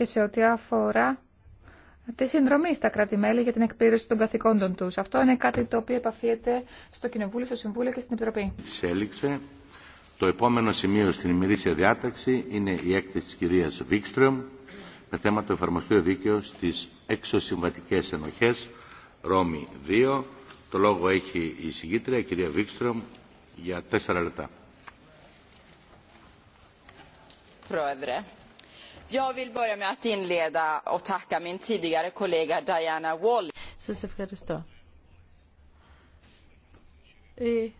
και σε ό,τι αφορά τη συνδρομή στα κράτη-μέλη για την εκπλήρωση των καθηκόντων τους. Αυτό είναι κάτι το οποίο επαφίεται στο Κοινοβούλιο, στο Συμβούλιο και στην Επιτροπή. Σέληξε. Το επόμενο σημείο στην ημερήσια διάταξη είναι η έκθεση της κυρίας Βίκστρομ με θέμα το εφαρμοστείο δίκαιο στις εξωσυμβατικές ενοχές Ρώμη 2. Το λόγο έχει η συγκήτρια, η κυρία Βίκστρομ, για τέσσερα λεπτά. Πρόεδρε, Jag vill börja med att inleda och tacka min tidigare kollega Diana Wall. ευχαριστώ. Η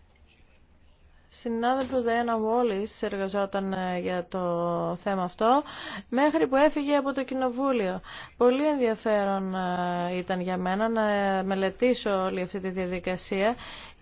συνάδελφος Βόλι εργαζόταν ε, για το θέμα αυτό μέχρι που έφυγε από το κοινοβούλιο. Πολύ ενδιαφέρον ε, ήταν για μένα να ε, μελετήσω όλη αυτή τη διαδικασία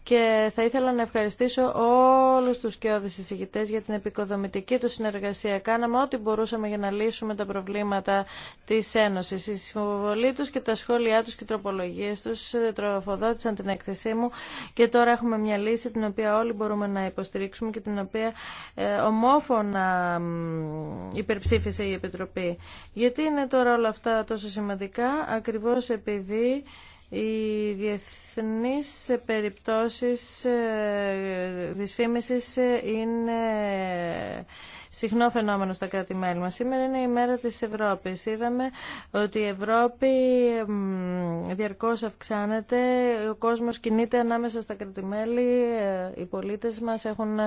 και θα ήθελα να ευχαριστήσω όλους τους σκιώδεις εισηγητές για την επικοδομητική του συνεργασία. Κάναμε ό,τι μπορούσαμε για να λύσουμε τα προβλήματα της Ένωση, Η συμβολή τους και τα σχόλιά τους και οι τροπολογίες τους τροφοδότησαν την έκθεσή μου και τώρα έχουμε μια λύση την οποία όλοι μπορούμε να υποστηρίξουμε και την οποία ε, ομόφωνα υπερψήφισε η Επιτροπή. Γιατί είναι τώρα όλα αυτά τόσο σημαντικά, ακριβώς επειδή οι διεθνείς περιπτώσεις ε, δυσφήμισης ε, είναι συχνό φαινόμενο στα κράτη-μέλη μας. Σήμερα είναι η μέρα της Ευρώπης. Είδαμε ότι η Ευρώπη διαρκώς αυξάνεται, ο κόσμος κινείται ανάμεσα στα κράτη-μέλη, ε, οι πολίτες μας έχουν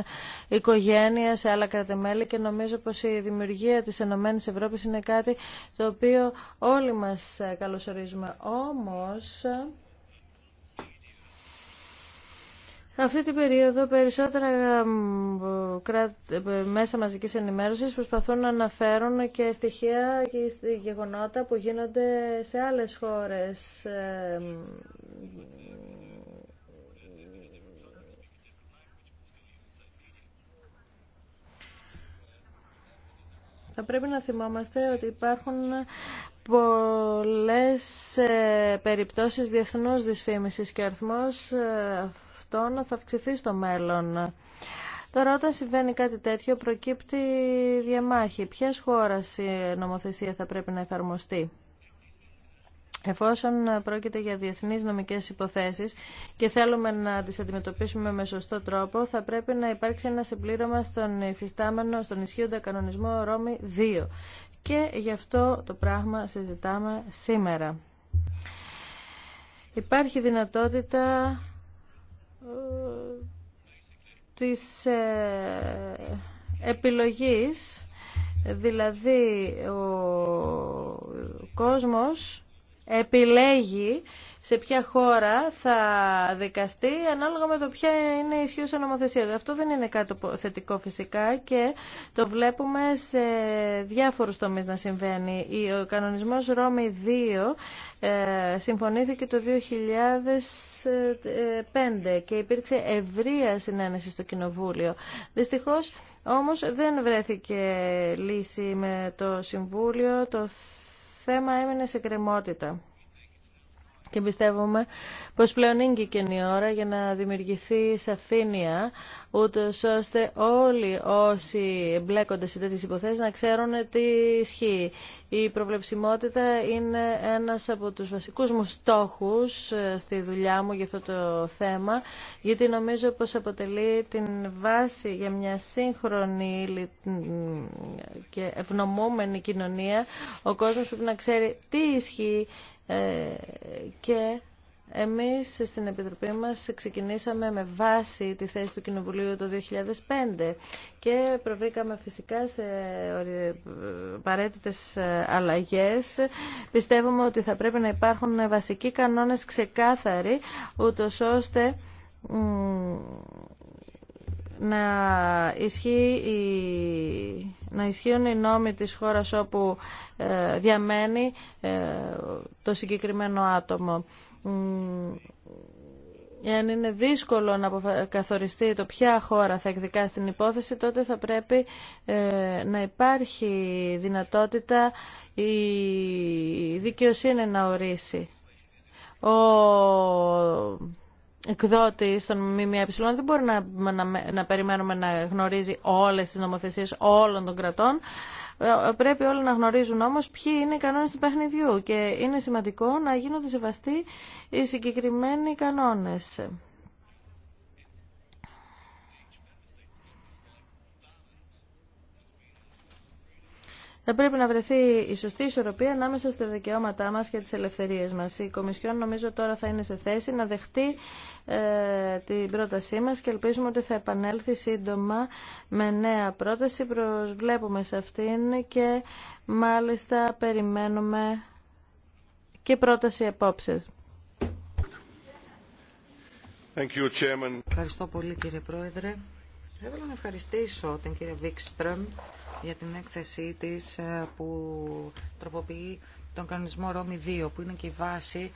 οικογένεια σε άλλα κράτη-μέλη και νομίζω πως η δημιουργία της Ενωμένης Ευρώπης είναι κάτι το οποίο όλοι μας καλωσορίζουμε. Όμως... Αυτή την περίοδο περισσότερα μέσα μαζικής ενημέρωσης προσπαθούν να αναφέρουν και στοιχεία και γεγονότα που γίνονται σε άλλες χώρες. Ε, Θα πρέπει να θυμόμαστε ότι υπάρχουν πολλές ε, περιπτώσεις διεθνούς δυσφήμισης και αριθμός ε, αυτών θα αυξηθεί στο μέλλον. Τώρα όταν συμβαίνει κάτι τέτοιο προκύπτει διαμάχη. Ποιες χώρα η νομοθεσία θα πρέπει να εφαρμοστεί. Εφόσον πρόκειται για διεθνείς νομικές υποθέσεις και θέλουμε να τις αντιμετωπίσουμε με σωστό τρόπο, θα πρέπει να υπάρξει ένα συμπλήρωμα στον υφιστάμενο, στον ισχύοντα κανονισμό Ρώμη 2. Και γι' αυτό το πράγμα συζητάμε σήμερα. Υπάρχει δυνατότητα της ε, επιλογής, δηλαδή ο κόσμος επιλέγει σε ποια χώρα θα δικαστεί ανάλογα με το ποια είναι η ισχύουσα νομοθεσία. Αυτό δεν είναι κάτι θετικό φυσικά και το βλέπουμε σε διάφορους τομείς να συμβαίνει. Ο κανονισμός Ρώμη 2 ε, συμφωνήθηκε το 2005 ε, και υπήρξε ευρεία συνένεση στο Κοινοβούλιο. Δυστυχώς όμως δεν βρέθηκε λύση με το Συμβούλιο, το θέμα έμεινε σε κρεμότητα και πιστεύουμε πως πλέον είναι η ώρα για να δημιουργηθεί σαφήνεια ούτω, ώστε όλοι όσοι εμπλέκονται σε τέτοιες υποθέσεις να ξέρουν τι ισχύει. Η προβλεψιμότητα είναι ένας από τους βασικούς μου στόχους ε, στη δουλειά μου για αυτό το θέμα γιατί νομίζω πως αποτελεί την βάση για μια σύγχρονη και ευνομούμενη κοινωνία. Ο κόσμος πρέπει να ξέρει τι ισχύει ε, και εμείς στην Επιτροπή μας ξεκινήσαμε με βάση τη θέση του Κοινοβουλίου το 2005 και προβήκαμε φυσικά σε παρέτητες ε, αλλαγές. Πιστεύουμε ότι θα πρέπει να υπάρχουν βασικοί κανόνες ξεκάθαροι, ούτως ώστε να ισχύει η να ισχύουν οι νόμοι της χώρας όπου ε, διαμένει ε, το συγκεκριμένο άτομο. Εάν είναι δύσκολο να καθοριστεί το ποια χώρα θα εκδικάσει την υπόθεση, τότε θα πρέπει ε, να υπάρχει δυνατότητα η δικαιοσύνη να ορίσει εκδότη των ΜΜΕ δεν μπορεί να, να, να περιμένουμε να γνωρίζει όλες τις νομοθεσίες όλων των κρατών. Ε, πρέπει όλοι να γνωρίζουν όμως ποιοι είναι οι κανόνες του παιχνιδιού και είναι σημαντικό να γίνονται σεβαστοί οι συγκεκριμένοι κανόνες. Θα πρέπει να βρεθεί η σωστή ισορροπία ανάμεσα στα δικαιώματά μας και τις ελευθερίες μας. Η Κομισιόν νομίζω τώρα θα είναι σε θέση να δεχτεί ε, την πρότασή μας και ελπίζουμε ότι θα επανέλθει σύντομα με νέα πρόταση. Προσβλέπουμε σε αυτήν και μάλιστα περιμένουμε και πρόταση απόψε. Ευχαριστώ πολύ κύριε Πρόεδρε. ήθελα να ευχαριστήσω την κυρία Βίξτρομ για την έκθεσή της ε, που τροποποιεί τον κανονισμό Ρώμη 2, που είναι και η βάση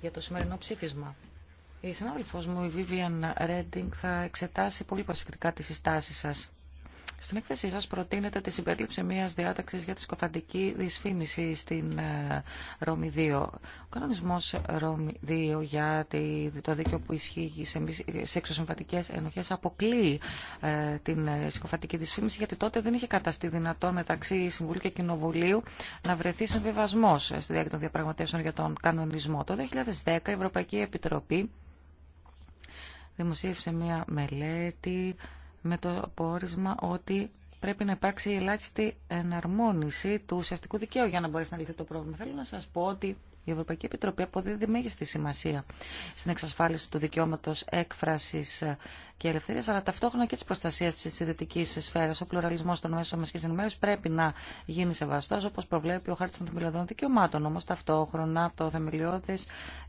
για το σημερινό ψήφισμα. Η συνάδελφός μου, η Vivian Redding, θα εξετάσει πολύ προσεκτικά τις συστάσεις σας. Στην έκθεσή σα προτείνετε τη συμπερίληψη μια διάταξη για τη σκοφαντική δυσφήμιση στην ε, Ρώμη 2. Ο κανονισμό Ρώμη 2 για το δίκαιο που ισχύει σε εξωσυμβατικέ ενοχές αποκλείει ε, την ε, σκοφαντική δυσφήμιση γιατί τότε δεν είχε καταστεί δυνατό μεταξύ Συμβουλίου και Κοινοβουλίου να βρεθεί συμβιβασμό στη διάρκεια των διαπραγματεύσεων για τον κανονισμό. Το 2010 η Ευρωπαϊκή Επιτροπή δημοσίευσε μια μελέτη με το πόρισμα ότι πρέπει να υπάρξει ελάχιστη εναρμόνιση του ουσιαστικού δικαίου για να μπορέσει να λυθεί το πρόβλημα. Θέλω να σας πω ότι η Ευρωπαϊκή Επιτροπή αποδίδει μέγιστη σημασία στην εξασφάλιση του δικαιώματο έκφραση και ελευθερία, αλλά ταυτόχρονα και τη προστασία τη ιδιωτική σφαίρα. Ο πλουραλισμό των μέσων μαζική ενημέρωση πρέπει να γίνει σεβαστό, όπω προβλέπει ο Χάρτη των Θεμελιωδών Δικαιωμάτων. Όμω ταυτόχρονα το θεμελιώδε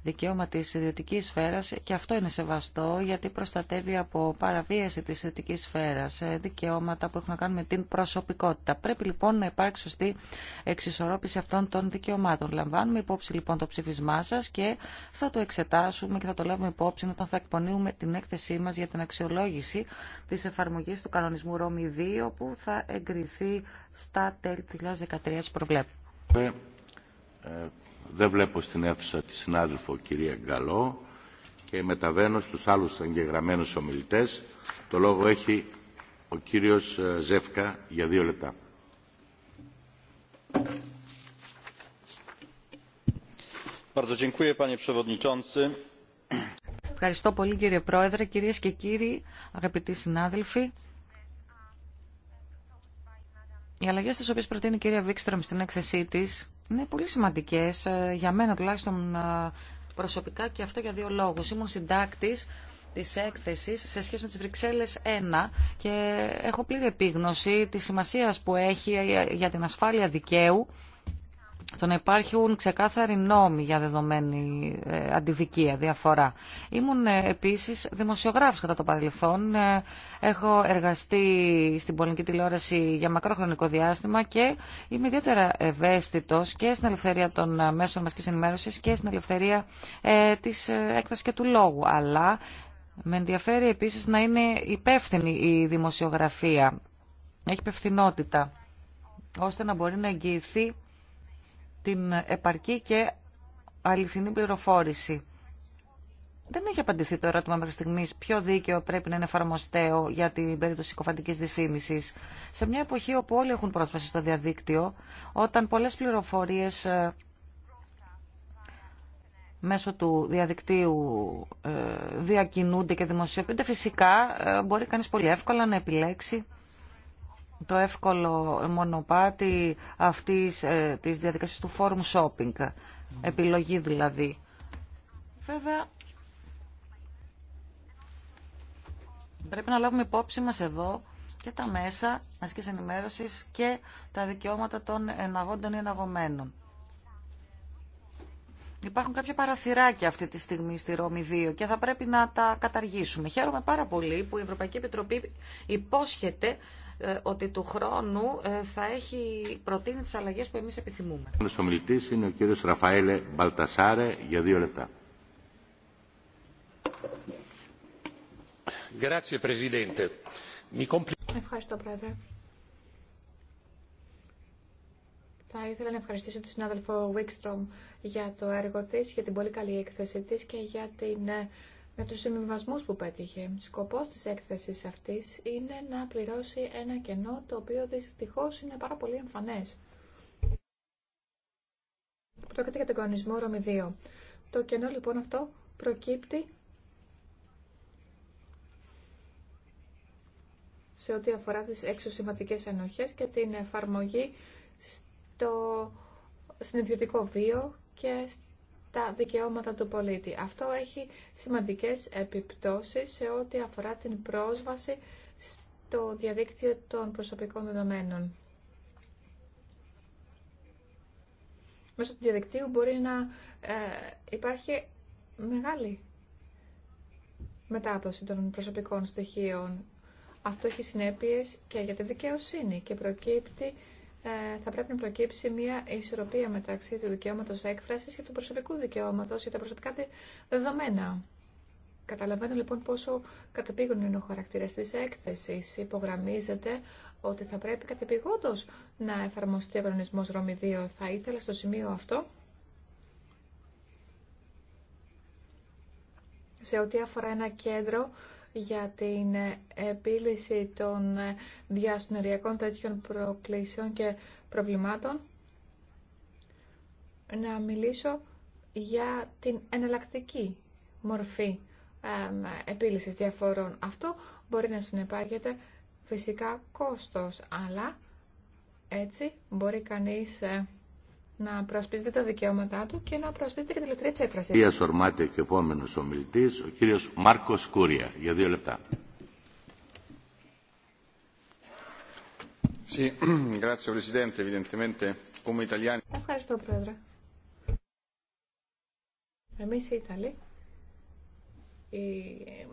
δικαίωμα τη ιδιωτική σφαίρα και αυτό είναι σεβαστό, γιατί προστατεύει από παραβίαση τη ιδιωτική σφαίρα ε, δικαιώματα που έχουν να κάνουν με την προσωπικότητα. Πρέπει λοιπόν να υπάρξει σωστή εξισορρόπηση αυτών των δικαιωμάτων. Λαμβάνουμε υπόψη λοιπόν το ψήφισμά σα και θα το εξετάσουμε και θα το λάβουμε υπόψη όταν θα εκπονείουμε την έκθεσή μας για την αξιολόγηση της εφαρμογής του κανονισμού ΡΟΜΗ 2 που θα εγκριθεί στα τέλη του 2013 προβλέπω. Ε, δεν βλέπω στην αίθουσα τη συνάδελφο κυρία Γκαλό και μεταβαίνω στου άλλους εγγεγραμμένου ομιλητέ, Το λόγο έχει ο κύριος ε, Ζεύκα για δύο λεπτά. Ευχαριστώ πολύ κύριε Πρόεδρε, κυρίες και κύριοι, αγαπητοί συνάδελφοι. Οι αλλαγέ τι οποίε προτείνει η κυρία Βίξτρομ στην έκθεσή τη, είναι πολύ σημαντικέ. Ε, για μένα τουλάχιστον ε, προσωπικά και αυτό για δύο λόγους. Ήμουν συντάκτη τη Έκθεση σε σχέση με τι Βρυξέλλε 1 και έχω πλήρη επίγνωση τη σημασία που έχει για την ασφάλεια δικαίου το να υπάρχουν ξεκάθαροι νόμοι για δεδομένη ε, αντιδικία, διαφορά. Ήμουν ε, επίσης δημοσιογράφος κατά το παρελθόν. Ε, έχω εργαστεί στην πολιτική τηλεόραση για μακρό χρονικό διάστημα και είμαι ιδιαίτερα ευαίσθητος και στην ελευθερία των μέσων μας και ενημέρωσης και στην ελευθερία της έκφρασης και του λόγου. Αλλά με ενδιαφέρει επίσης να είναι υπεύθυνη η δημοσιογραφία. Έχει υπευθυνότητα ώστε να μπορεί να εγγυηθεί την επαρκή και αληθινή πληροφόρηση. Δεν έχει απαντηθεί το ερώτημα μέχρι στιγμή ποιο δίκαιο πρέπει να είναι εφαρμοστέο για την περίπτωση κοφαντική δυσφήμιση. Σε μια εποχή όπου όλοι έχουν πρόσβαση στο διαδίκτυο, όταν πολλέ πληροφορίε ε, μέσω του διαδικτύου ε, διακινούνται και δημοσιοποιούνται, φυσικά ε, μπορεί κανείς πολύ εύκολα να επιλέξει το εύκολο μονοπάτι αυτής ε, της διαδικασίας του forum shopping. Επιλογή δηλαδή. Βέβαια, πρέπει να λάβουμε υπόψη μας εδώ και τα μέσα μαζικής ενημέρωσης και τα δικαιώματα των εναγόντων ή εναγωμένων. Υπάρχουν κάποια παραθυράκια αυτή τη στιγμή στη Ρώμη 2 και θα πρέπει να τα καταργήσουμε. Χαίρομαι πάρα πολύ που η Ευρωπαϊκή Επιτροπή υπόσχεται ε, ότι του χρόνου ε, θα έχει προτείνει τις αλλαγές που εμείς επιθυμούμε. Ο είναι ο κύριος Ραφαέλε Μπαλτασάρε για δύο λεπτά. Ευχαριστώ, Πρόεδρε. Θα ήθελα να ευχαριστήσω τη συνάδελφο Wickstrom για το έργο της, για την πολύ καλή έκθεση της και για, την, ε, για τους συμβιβασμού που πέτυχε. Σκοπός της έκθεσης αυτής είναι να πληρώσει ένα κενό το οποίο δυστυχώ είναι πάρα πολύ εμφανές. Πρόκειται για τον κανονισμό ΡΟΜΗ 2. Το κενό λοιπόν αυτό προκύπτει σε ό,τι αφορά τις εξωσηματικές ενοχές και την εφαρμογή το συνειδητικό βίο και τα δικαιώματα του πολίτη. Αυτό έχει σημαντικές επιπτώσεις σε ό,τι αφορά την πρόσβαση στο διαδίκτυο των προσωπικών δεδομένων. Μέσω του διαδικτύου μπορεί να ε, υπάρχει μεγάλη μετάδοση των προσωπικών στοιχείων. Αυτό έχει συνέπειες και για τη δικαιοσύνη και προκύπτει ε, θα πρέπει να προκύψει μια ισορροπία μεταξύ του δικαιώματος έκφρασης και του προσωπικού δικαιώματος για τα προσωπικά δεδομένα. Καταλαβαίνω λοιπόν πόσο κατεπήγον είναι ο χαρακτήρα τη έκθεση. Υπογραμμίζεται ότι θα πρέπει κατεπηγόντω να εφαρμοστεί ο κανονισμό Ρώμη 2. Θα ήθελα στο σημείο αυτό, σε ό,τι αφορά ένα κέντρο για την επίλυση των διασυνοριακών τέτοιων προκλήσεων και προβλημάτων να μιλήσω για την εναλλακτική μορφή επίλυσης διαφορών. Αυτό μπορεί να συνεπάγεται φυσικά κόστος, αλλά έτσι μπορεί κανείς ε, να προασπίζεται τα δικαιώματά του και να προασπίζεται και την ελευθερία τη έκφραση. Κυρία και Κούρια, για δύο λεπτά. Ευχαριστώ, Πρόεδρε. Εμεί οι Ιταλοί.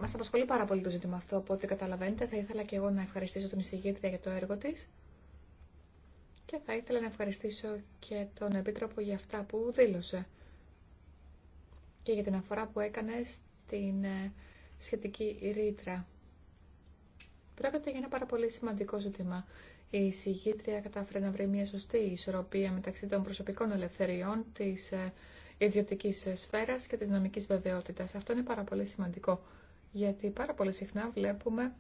Μα απασχολεί πάρα πολύ το ζήτημα αυτό, οπότε καταλαβαίνετε. Θα ήθελα και εγώ να ευχαριστήσω την εισηγήτρια για το έργο τη και θα ήθελα να ευχαριστήσω και τον Επίτροπο για αυτά που δήλωσε και για την αφορά που έκανε στην ε, σχετική ρήτρα. Πρόκειται για ένα πάρα πολύ σημαντικό ζήτημα. Η εισηγήτρια κατάφερε να βρει μια σωστή ισορροπία μεταξύ των προσωπικών ελευθεριών, της ε, ιδιωτικής σφαίρας και της νομικής βεβαιότητας. Αυτό είναι πάρα πολύ σημαντικό, γιατί πάρα πολύ συχνά βλέπουμε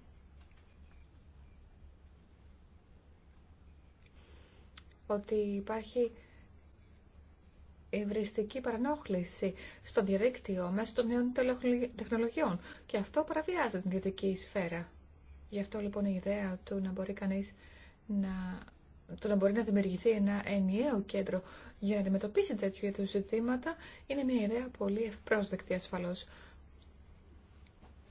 ότι υπάρχει ευρεστική παρανόχληση στο διαδίκτυο μέσω των νέων τεχνολογιών και αυτό παραβιάζει την ιδιωτική σφαίρα. Γι' αυτό λοιπόν η ιδέα του να μπορεί κανείς να το να μπορεί να δημιουργηθεί ένα ενιαίο κέντρο για να αντιμετωπίσει τέτοιου είδου ζητήματα είναι μια ιδέα πολύ ευπρόσδεκτη ασφαλώς.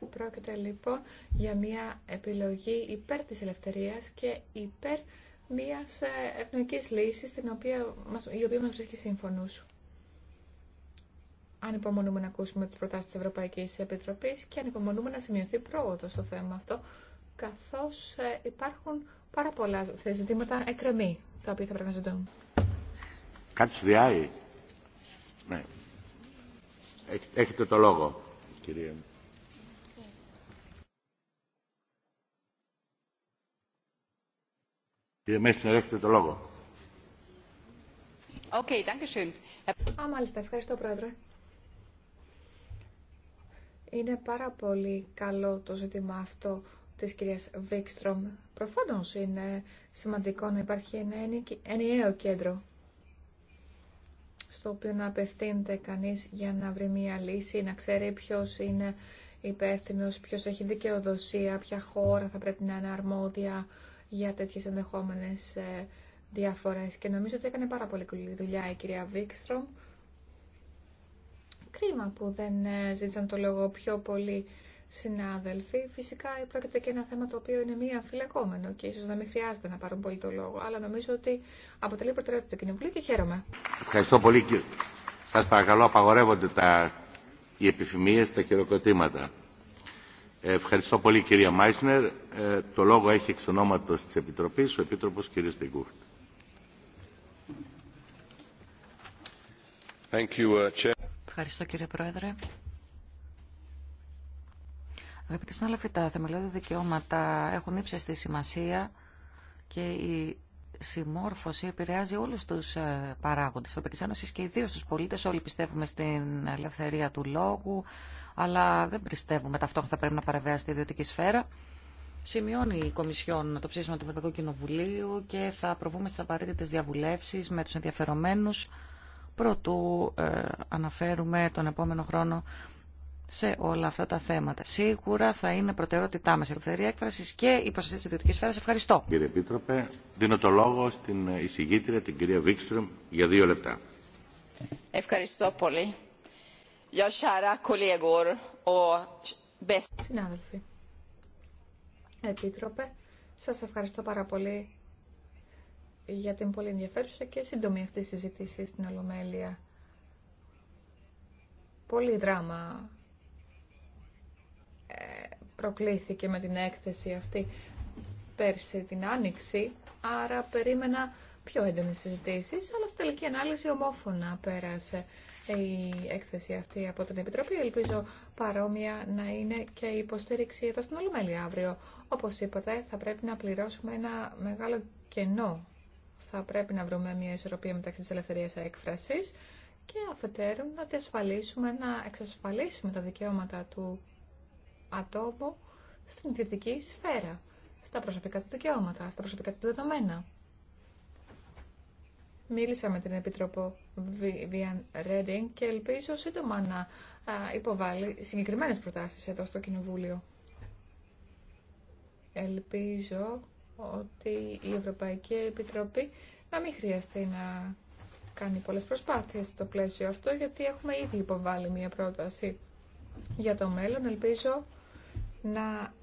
Πρόκειται λοιπόν για μια επιλογή υπέρ της ελευθερίας και υπέρ μία ε, ευνοϊκή λύση, οποία, η οποία μας βρίσκει σύμφωνους. Ανυπομονούμε να ακούσουμε τι προτάσει τη Ευρωπαϊκής Επιτροπής και ανυπομονούμε να σημειωθεί πρόοδο στο θέμα αυτό, καθώς ε, υπάρχουν πάρα πολλά ζητήματα εκκρεμή, τα οποία θα πρέπει να ζητούν. Ναι. Έχετε το λόγο, κυρία ευχαριστώ, Είναι πάρα πολύ καλό το ζήτημα αυτό της κυρίας Βίξτρομ. Προφανώ είναι σημαντικό να υπάρχει ένα ενιαίο κέντρο στο οποίο να απευθύνεται κανείς για να βρει μία λύση, να ξέρει ποιος είναι υπεύθυνο, ποιος έχει δικαιοδοσία, ποια χώρα θα πρέπει να είναι αρμόδια για τέτοιες ενδεχόμενες ε, διαφορές και νομίζω ότι έκανε πάρα πολύ καλή δουλειά η κυρία Βίκστρομ. Κρίμα που δεν ε, ζήτησαν το λόγο πιο πολύ συνάδελφοι. Φυσικά πρόκειται και ένα θέμα το οποίο είναι μία φυλακόμενο και ίσως να μην χρειάζεται να πάρουν πολύ το λόγο, αλλά νομίζω ότι αποτελεί προτεραιότητα το Κοινοβουλίο και χαίρομαι. Ευχαριστώ πολύ. κύριε. Σας παρακαλώ απαγορεύονται τα... οι επιφημίες, τα χειροκροτήματα. Ευχαριστώ πολύ κυρία Μάισνερ. Ε, το λόγο έχει εξ ονόματος της Επιτροπής ο Επίτροπος κ. Ντεγκούχτ. Uh, Ευχαριστώ κύριε Πρόεδρε. Αγαπητοί συνάδελφοι, τα θεμελιώδη δικαιώματα έχουν ύψεστη σημασία και η συμμόρφωση επηρεάζει όλους τους ε, παράγοντες της Ένωσης και ιδίως τους πολίτες. Όλοι πιστεύουμε στην ελευθερία του λόγου, αλλά δεν πιστεύουμε ταυτόχρονα θα πρέπει να παραβιάσει τη ιδιωτική σφαίρα. Σημειώνει η Κομισιόν το ψήφισμα του Ευρωπαϊκού Κοινοβουλίου και θα προβούμε στις απαραίτητε διαβουλεύσεις με τους ενδιαφερομένους προτού ε, αναφέρουμε τον επόμενο χρόνο σε όλα αυτά τα θέματα. Σίγουρα θα είναι προτεραιότητά μα η ελευθερία έκφραση και η προστασία τη ιδιωτική σφαίρα. Ευχαριστώ. Κύριε Επίτροπε, δίνω το λόγο στην εισηγήτρια, την κυρία Βίξτρομ, για δύο λεπτά. Ευχαριστώ πολύ. Συνάδελφοι, Επίτροπε, σα ευχαριστώ πάρα πολύ για την πολύ ενδιαφέρουσα και σύντομη αυτή συζήτηση στην Ολομέλεια. Πολύ δράμα προκλήθηκε με την έκθεση αυτή πέρσι την Άνοιξη, άρα περίμενα πιο έντονες συζητήσεις, αλλά στη τελική ανάλυση ομόφωνα πέρασε η έκθεση αυτή από την Επιτροπή. Ελπίζω παρόμοια να είναι και η υποστήριξη εδώ στην Ολομέλη αύριο. Όπως είπατε, θα πρέπει να πληρώσουμε ένα μεγάλο κενό. Θα πρέπει να βρούμε μια ισορροπία μεταξύ της ελευθερίας έκφρασης και αφετέρου να διασφαλίσουμε, να εξασφαλίσουμε τα δικαιώματα του ατόμου στην ιδιωτική σφαίρα, στα προσωπικά του δικαιώματα, στα προσωπικά του δεδομένα. Μίλησα με την Επίτροπο Βιάν Ρέντινγκ και ελπίζω σύντομα να υποβάλει συγκεκριμένες προτάσεις εδώ στο Κοινοβούλιο. Ελπίζω ότι η Ευρωπαϊκή Επιτροπή να μην χρειαστεί να κάνει πολλές προσπάθειες στο πλαίσιο αυτό, γιατί έχουμε ήδη υποβάλει μία πρόταση για το μέλλον. Ελπίζω να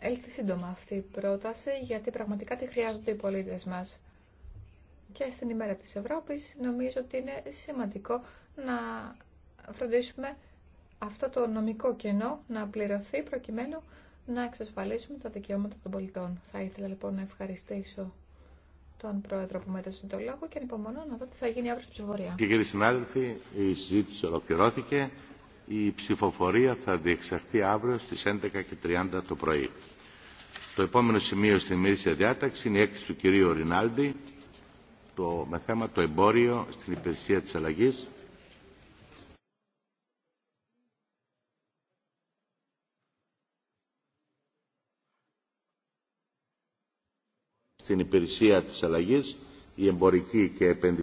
έλθει σύντομα αυτή η πρόταση, γιατί πραγματικά τη χρειάζονται οι πολίτες μας. Και στην ημέρα της Ευρώπης νομίζω ότι είναι σημαντικό να φροντίσουμε αυτό το νομικό κενό να πληρωθεί προκειμένου να εξασφαλίσουμε τα δικαιώματα των πολιτών. Θα ήθελα λοιπόν να ευχαριστήσω τον πρόεδρο που μέτωσε τον λόγο και ανυπομονώ να δω τι θα γίνει αύριο στην ψηφοφορία. συνάδελφοι, η συζήτηση ολοκληρώθηκε. Η ψηφοφορία θα διεξαχθεί αύριο στις 11.30 το πρωί. Το επόμενο σημείο στην ημερήσια διάταξη είναι η έκθεση του κυρίου Ρινάλντι το, με θέμα το εμπόριο στην υπηρεσία της αλλαγής. Στην υπηρεσία της αλλαγής η εμπορική και επενδυτική